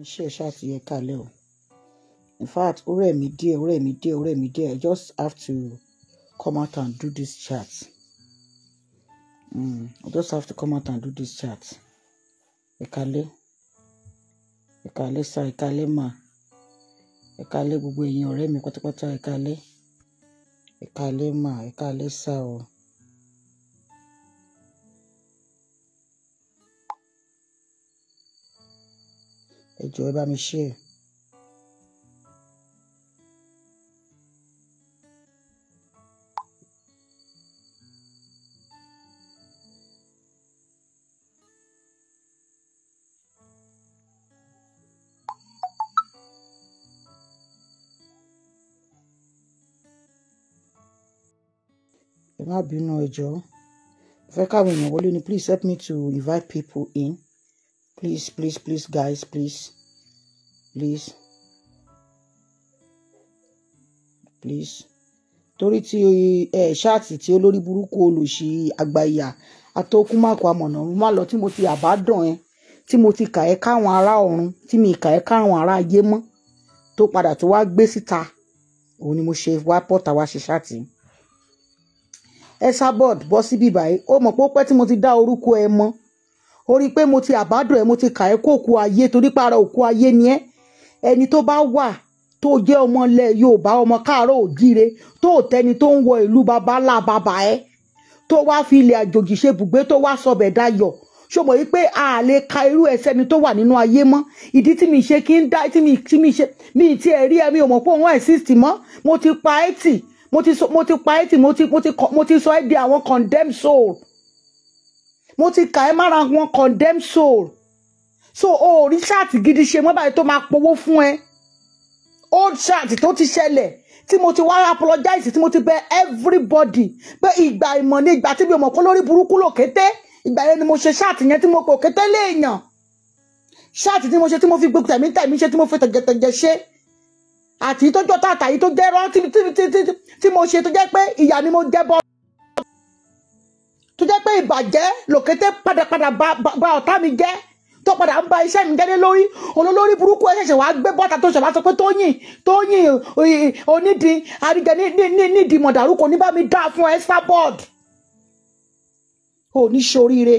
iṣẹ́ ṣáà ti yẹ kalẹ̀ o in fact ó rẹ̀ mí díẹ̀ ó rẹ̀ díẹ̀ ó rẹ̀ díẹ̀ I just have to come out and do this chat mm, I just have to come out and do this chat ìkàlẹ́ ìkàlẹ́ sa ìkàlẹ́ mà ìkàlẹ́ gbogbo ẹ̀yin ọ̀rẹ́ mi pátápátá ìkàlẹ́ ìkàlẹ́ mà ìkàlẹ́ sa o. Oh. ẹ jọ̀ọ́ ẹ bá mi share. ẹ má bínú ẹ jọ̀ọ́ fẹ́ káwọn èèyàn wọlé ni please help me to invite people in. Please, please, please, guys, please. Please. Please. Torí ti ẹ ṣáàtì tí olórí burúkú olùṣí àgbàyà àtọkùnmáàkù àmọ̀nàrún má lọ tí mo ti àbádàn ẹ tí mo ti kà ẹ káwọn ará ọ̀run tí mi kà ẹ káwọn ará ayé mọ́ tó padà tó wá gbé síta òun ni mo ṣe wá pọ́ta wá ṣe ṣáàtì ẹ sábọ̀d bọ́ síbí báyìí ó mọ̀ pé ó pẹ́ tí mo ti dá orúkọ ẹ mọ́ ó rí i pé mo ti àbádùn ẹ mo ti kà ẹ kó òkú ayé torí para òkú ayé ni ẹ ẹni tó bá wà tó jẹ́ ọmọ ilẹ̀ Yorùbá ọmọ káàárọ̀ òjíire tó tẹni tó ń wọ ìlú babalá bàbá ẹ tó wá fi ilẹ̀ àjòjì ṣe bùgbé tó wá sọbẹ̀ dayọ̀ ṣó mọ̀ wípé a lè ka irú ẹ̀ sẹ́ni tó wà nínú ayé mọ́ ìdí tí mi ṣe kí ń dá tí mi tí mi ṣe mi ti ẹ̀ rí ẹ mi pé òun ẹ̀ sísì mo ti pa ẹ̀ mo ti pa ẹ̀ mo ti sọ ẹ̀ di àwọn condemned soul mo ti kà ẹ́ mára wọn condemn soul so o ò rí ṣáàtì gidi ṣe mọ́ báyìí tó máa powó fún ẹ old ṣáàtì tó ti ṣẹlẹ̀ tí mo ti wá apologize tí mo ti bẹ everybody pé ìgbà ìmọ̀ ni ìgbà tí mi ò mọ̀ kó lórí burúkú lò kété ìgbà yẹn ni mo ṣe ṣáàtì yẹn tí mo pò kété léèyàn ṣáàtì tí mo ṣe tí mo fi gbé tẹ̀mítẹ̀mí ṣe tí mo fi tẹ̀jẹ̀tẹ̀jẹ̀ ṣe àti tó jọ tàtà yìí tó jẹ́ rántí tí mo ṣe tó jẹ́ pé ìyá ni mo jẹ́ bọ́ tó jẹ́ pé ìbàjẹ́ lòkété padàpadà ba ọ̀tá mi jẹ́ tó padà ń ba iṣẹ́ mi jẹ́ lórí olólórí burúkú ẹ ṣẹ̀ṣẹ̀ wá gbé bọ́ta tó ṣẹ̀wá sọ pé Tóyìn Tóyìn onídìí àríjẹ nídìí mọ̀dàrú kò ní bá mi dá fún ẹ starboard ò ní ṣoríire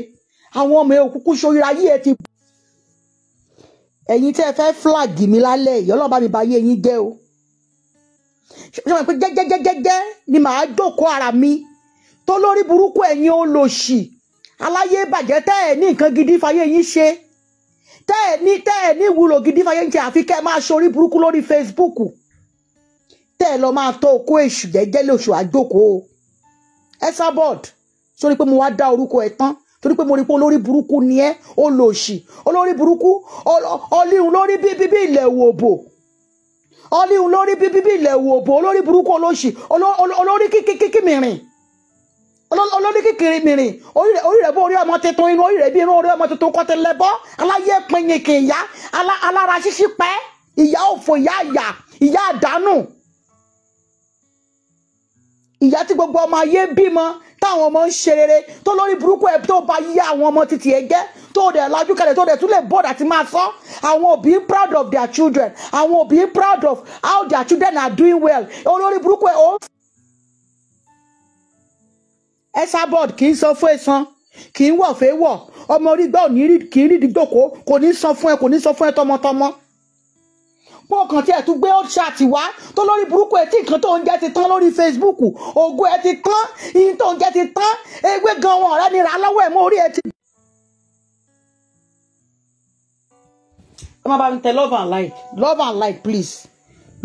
àwọn ọmọ òkúkú ṣoríire ayé ẹ ti. ẹ̀yin tẹ́ ẹ fẹ́ flag mi lálẹ́ yìí ọlọ́ba mi bá yé yín jẹ́ o ṣé wọ́n pẹ́ jẹ́jẹ́jẹ́jẹ́ ni màá jókòó ara mi tó lórí burúkú ẹ̀yin olòṣì aláyé bàjẹ́ tẹ́ ẹ̀ ní nǹkan gidi fàyè yín ṣe tẹ́ ẹ̀ ní tẹ́ ẹ̀ ní ìwúlò gidi fàyè yín ṣe àfi kẹ́ ẹ̀ máa ṣorí burúkú lórí Facebook tẹ́ ẹ̀ lọ máa tó okó èṣù jẹ́jẹ́ lóṣù àjókòó Esabod sórí pé mo wá dá orúkọ ẹ̀ tán torí pé mo rí pé olórí burúkú ni ẹ́ olòṣì olórí burúkú ọlíhun lórí bíbí bí ilẹ̀ wòbò ọlíhun lórí bíbí bí ilẹ̀ wòbò olórí burúkú olóṣì olórí kíkíkí mìíràn olóníkìkiri mìrìn orí rẹ̀ bó orí ọmọ tuntun inú orí rẹ̀ bí inú orí ọmọ tuntun kọ́tẹ́ lẹ́bọ́ aláyé pinyìnkì ìyá alára ṣíṣí pẹ́ ìyá òfò ìyá àyà ìyá àdánù ìyá tí gbogbo ọmọ ayé bímọ táwọn ọmọ ń ṣe rere tó lórí burúkú ẹ tó bá yí àwọn ọmọ títì ẹ jẹ tó dẹ̀ lajú kalẹ̀ tó dẹ̀ tún lè bọ́ọ̀dà tí máa sọ àwọn òbí proud of their children àwọn òbí proud of how their children are doing well olórí burúkú ẹ ó. Esabod kì í san fún ẹ̀san kì í wọ̀ fẹ́ wọ̀ ọmọ orí gbà kì í rídìí gbòkó kò ní san fún ẹ kò ní san fún ẹ tọmọtọmọ pọ̀ kan tí ẹ̀ tún gbé old chat wá tó lórí burúkú ẹ̀ tí nǹkan tó ń jẹ́ ti tán lórí Facebook ògo ẹ̀ ti tán iyin tó ń jẹ́ ti tán ewé gan wọn ọ̀rẹ́ ni rà lọ́wọ́ ẹ̀ mọ́ orí ẹ̀ ti. ẹ bá mi tẹ love and like love and like please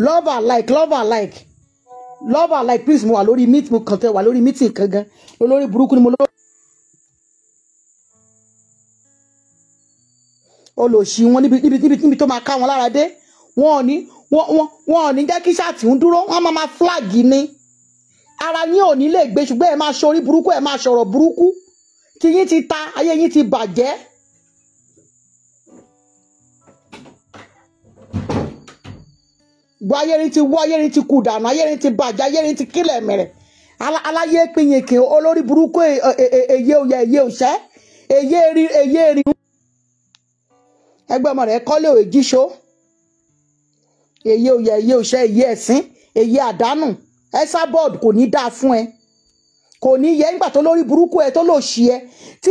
love and like love and like lover like please mo wà lórí meet mo kàn tẹ wà lórí meeting kan gan olórí burúkú ni mo lọ. olòṣì wọn níbi níbi níbi níbi tó máa ká wọn lára dé wọn ò ní wọn wọn wọn ò ní jẹ́ kí ṣáàtì ń dúró wọn máa máa flag ni ara yín ò ní lè gbé ṣùgbọ́n ẹ máa ṣorí burúkú ẹ máa sọ̀rọ̀ burúkú tí yín ti ta ayé yín ti bàjẹ́ gbọ́ ayérin ti wọ ayérin ti kú dànù ayérin ti bàjẹ́ ayérin ti kílẹ̀ mẹ́rẹ̀ aláyé pinyeke olórí burúkú èyé e, e, e, òyà èyé òṣẹ́ èyé eri èyé eri. ẹgbẹ́ ọmọ rẹ̀ kọ́lé òye jíṣó èyé òyà èyé òṣẹ́ èyé ẹ̀sìn èyé àdánù ẹ̀sà bọ́ọ̀dù kò ní dáa fún ẹ kò ní yẹ nígbà tó lórí burúkú ẹ tó lò ṣí ẹ tí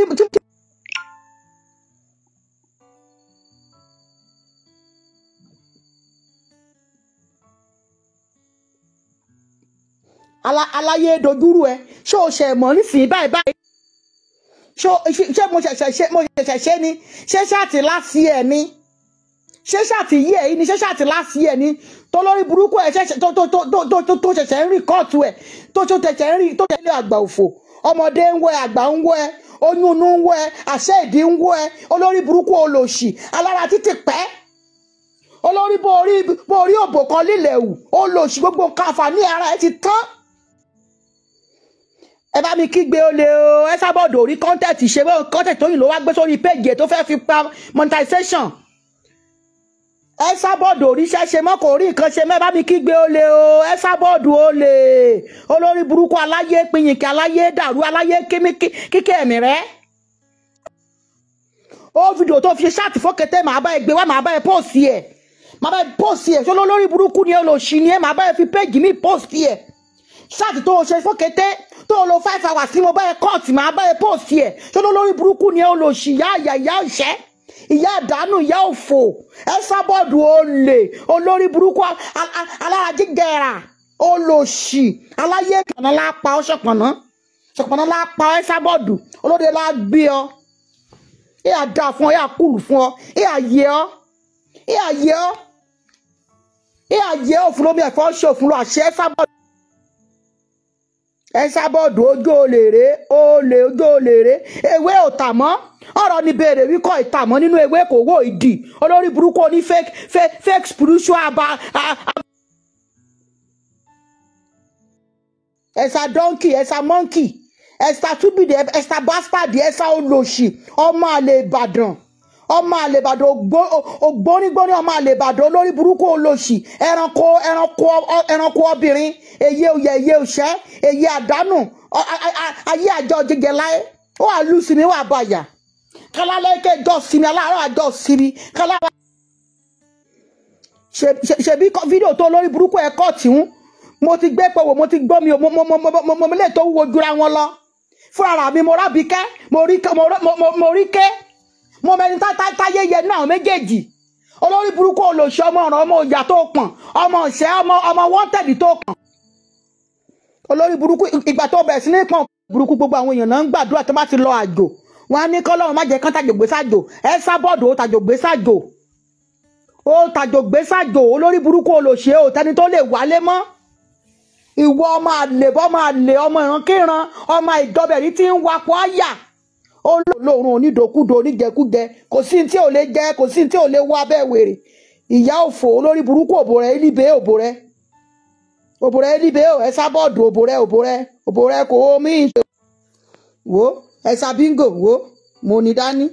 aláyé dojúrú ẹ e. ṣó o ṣe mọ̀ nísìnyí báyìí báyìí ṣó ṣé mo ṣẹ̀ṣẹ̀ ṣe mo ṣẹ̀ṣẹ̀ ṣe ni ṣé ṣáàtì láti ẹ̀ ni ṣé ṣáàtì yí ẹ̀ ni ṣé ṣáàtì láti ẹ̀ ni tó lórí burúkú ẹ̀ tó tó tó ṣẹ̀ṣẹ̀ ń rìn kóòtù ẹ̀ tó tó ṣẹ̀ṣẹ̀ ń rìn tó ṣẹ̀ṣẹ̀ ń lé àgbà òfò ọmọdé ń wọ ẹ àgbà ń wọ ẹ oyún inú ń wọ ẹ àṣẹ ìdí ń wọ ẹ olórí burúkú olòṣì alára títì pẹ́ olórí bó orí òbò kan lílẹ̀ wù olòṣì gbogbo nǹkan àǹfààní ara ẹ ti tán ẹ bá mi kígbe olè o ẹ sábọ̀dọ̀ orí kọ́ńtẹ̀tì ṣe wọ́n kọ́ńtẹ̀tì tóyìn ló wá gbé sórí péjì tó fẹ́ fi pa monetization ẹ sábọ̀dọ̀ orí ṣẹṣẹ mọ́ kò rí nǹkan ṣe mẹ́ẹ̀ bá mi kígbe olè o ẹ sábọ̀dọ̀ olè olórí burúkú aláyé pinyìnkì aláyé dàrú aláyé kíkẹ́ ẹ̀mí rẹ ó fídíò tó fi ṣáàtì fọ́kẹ́tẹ́ màá bá ẹ gbé wá màá bá ẹ pọ́ọ̀sì ẹ̀ màá bá ẹ pọ́ọ̀sì ẹ̀ ṣé olórí burúkú ni ẹ lò ṣì ni ẹ màá bá ẹ fi péjì mi pọ́ọ̀sì ẹ̀ ṣáàtì tó o ṣe fọ́kẹ́tẹ́ tó lo five hours tí mo bá yẹ kọ́ọ̀tì máa bá yẹ post yẹ ṣó ló lórí burúkú ni ẹ ó lò sí ìyá àyà ìyá ìṣẹ́ ìyá àdánù ìyá òfò ẹ sábọ́ọ̀dù olè olórí burúkú alájẹgẹra olòṣì aláyé ìpànà lápá ọ ṣọpọnà ṣọpọnà lápá ọ ẹ sábọ́ọ̀dù olóde lágbé ọ ẹ àdá fún ọ ẹ àkúlù fún ọ ẹ àyè ọ ẹ àyè ọ ẹ àyè ọ fún lómi ẹfọ ṣòfin lọ àṣẹ sábọ́ọ̀dù. Ẹsábọ́ọ̀dù ojú olè rè olè ojú olè rè ewé ò tà mọ́ ọ̀rọ̀ ni béèrè wíkọ́ ìtàmọ́ nínú ewé kò wó ìdì olórí burúkú oní fake fake fake spiritual aba. ẹ̀sà donkey ẹ̀sà monkey ẹ̀sà túbìdì ẹ̀sà bastard ẹ̀sà olòṣì ọmọ àlè Ìbàdàn ọmọ àlèbàdàn ògbónígbóní ọmọ àlèbàdàn olórí burúkú olóṣì ẹranko ẹranko ẹranko obìnrin èyí òyà èyí òṣẹ èyí àdánù ayé àjọ jẹjẹ láyé ó wà lù sí mi wà bàyà kálálẹ́kẹ́ jọ sí mi aláàárọ̀ àjọ sí mi kálálẹ́kẹ́ ṣebí fídíò tó lórí burúkú ẹ̀ kọ́ọ̀tì ń mo ti gbé pẹ̀wò mo ti gbọ́ mi ò mo mo mo mo mo mo mo tó wúwo jura wọn lọ fúnra mi mo rábìkẹ́ mo rí ké mo mẹni táyé yẹ nínú àwọn méjèèjì olórí burúkú olóṣù ọmọ ọ̀ràn ọmọ ìyà tó pọ̀n ọmọ ìṣẹ́ ọmọ ọmọ wọ́ntẹ̀dì tó pọ̀n olórí burúkú ìgbà tó bẹ̀rẹ̀ sí ní pọ̀n burúkú gbogbo àwọn èèyàn náà ń gbàdúrà tó bá ti lọ àjò wọn á ní kọ́lọ́run má jẹ́ kán tàjò gbé sájò ẹ sá bọ́ọ̀dù ó tàjò gbé sájò ó tàjò gbé sájò olórí burúkú olóṣè ò tẹni tó lè wálé mọ́ ìwọ ọmọ àlè ọmọ ìrankíran ọmọ ìdọbẹ̀rí tí ń wakọ̀ ọ̀yà olóòórùn onídokúdo oníjẹkújẹ kò sí tí ò lè jẹ kò sí tí ò lè wá bẹ́ẹ̀ wèrè ìyá òfò olórí burúkú òbò rẹ ilíbe òbò rẹ òbò rẹ ilíbe ẹ sábọ́ọ̀dù òbò rẹ òbò rẹ òbò rẹ kò mí ṣe wo ẹ sá bíngò wo mo ní dání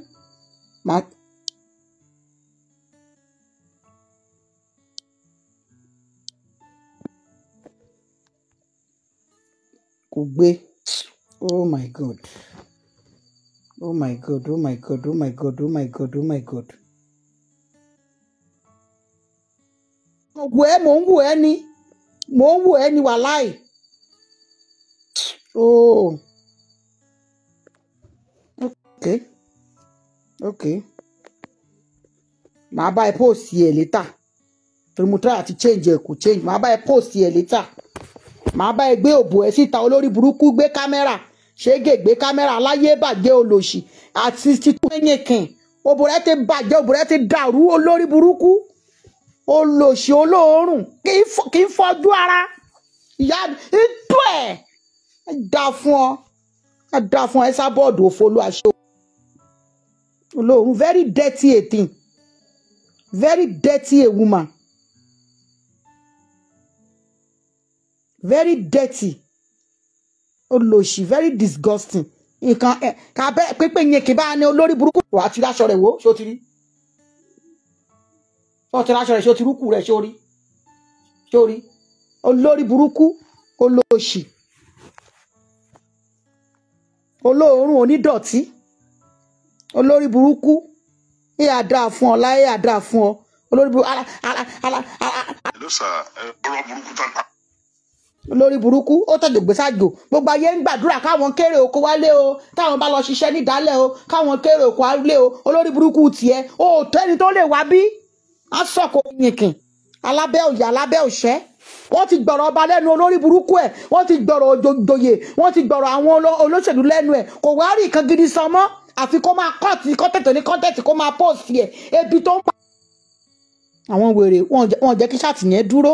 màá kò gbé oh my god. Oh my God, oh my God, oh my God, oh my God, oh my God. Mo wù ẹ́, mo ń wù ẹ́ Oh. Okay. Okay. Ma bá ẹ post ẹ létà. Torí try àti change ẹ kò change. Ma bá ẹ post ẹ létà. Màá bá ẹ gbé òbò ẹ síta olórí burúkú gbé ṣé gègbé kámẹ́rà aláyé bàjẹ́ olòṣì àti títún ẹ̀yìnkìn òbúrẹ́ ti bàjẹ́ òbúrẹ́ ti dàrú olórí burúkú olòṣì olóòórùn kì í fọjú ara ìyá ìtú ẹ̀ dá fún ọ ẹ dá fún ẹ sábọ́ọ̀dù òfolo àṣọ olóòórùn very dirty a thing very dirty a woman very dirty olóṣì very disgusting nǹkan ẹ eh, ká bẹ pípé yẹn kì bá ní olórí burúkú wà á ti ráṣọ rẹ̀ wò ṣó ti rí ṣó ti ráṣọ rẹ̀ ṣó ti rúkú rẹ̀ ṣó rí ṣó rí olórí burúkú olóṣì olóòórùn onídọ̀tí olórí burúkú ìyá dáa fún ọ láyé àdáa fún ọ olórí burúkú. hello sir ọ̀rọ̀ eh, burúkú tán lórí burúkú ó tẹ̀jọ̀ gbé sájò gbogbo ayé ń gbàdúrà káwọn kéré oko wálé o táwọn bá lọ ṣiṣẹ́ nídàálẹ̀ o káwọn kéré oko wálé o olórí burúkú tiẹ̀ o ò tó ẹni tó lè wá bí á sọ̀kò yìnkìn alábẹ́ òyà alábẹ́ òṣẹ́ wọ́n ti gbọ̀rọ̀ ọba lẹ́nu olórí burúkú ẹ̀ wọ́n ti gbọ̀rọ̀ òjòjòyè wọ́n ti gbọ̀rọ̀ àwọn olóṣèlú lẹ́nu ẹ̀ kò wá rí nǹkan gidi san mọ́ àfi kó máa kọ́ọ̀tì kọ́tẹ̀tì ní kọ́tẹ̀tì kó máa pọ́ọ̀sì ẹ̀ ebi tó ń pa. àwọn wèrè wọn ò jẹ́ kí ṣáàtì yẹn dúró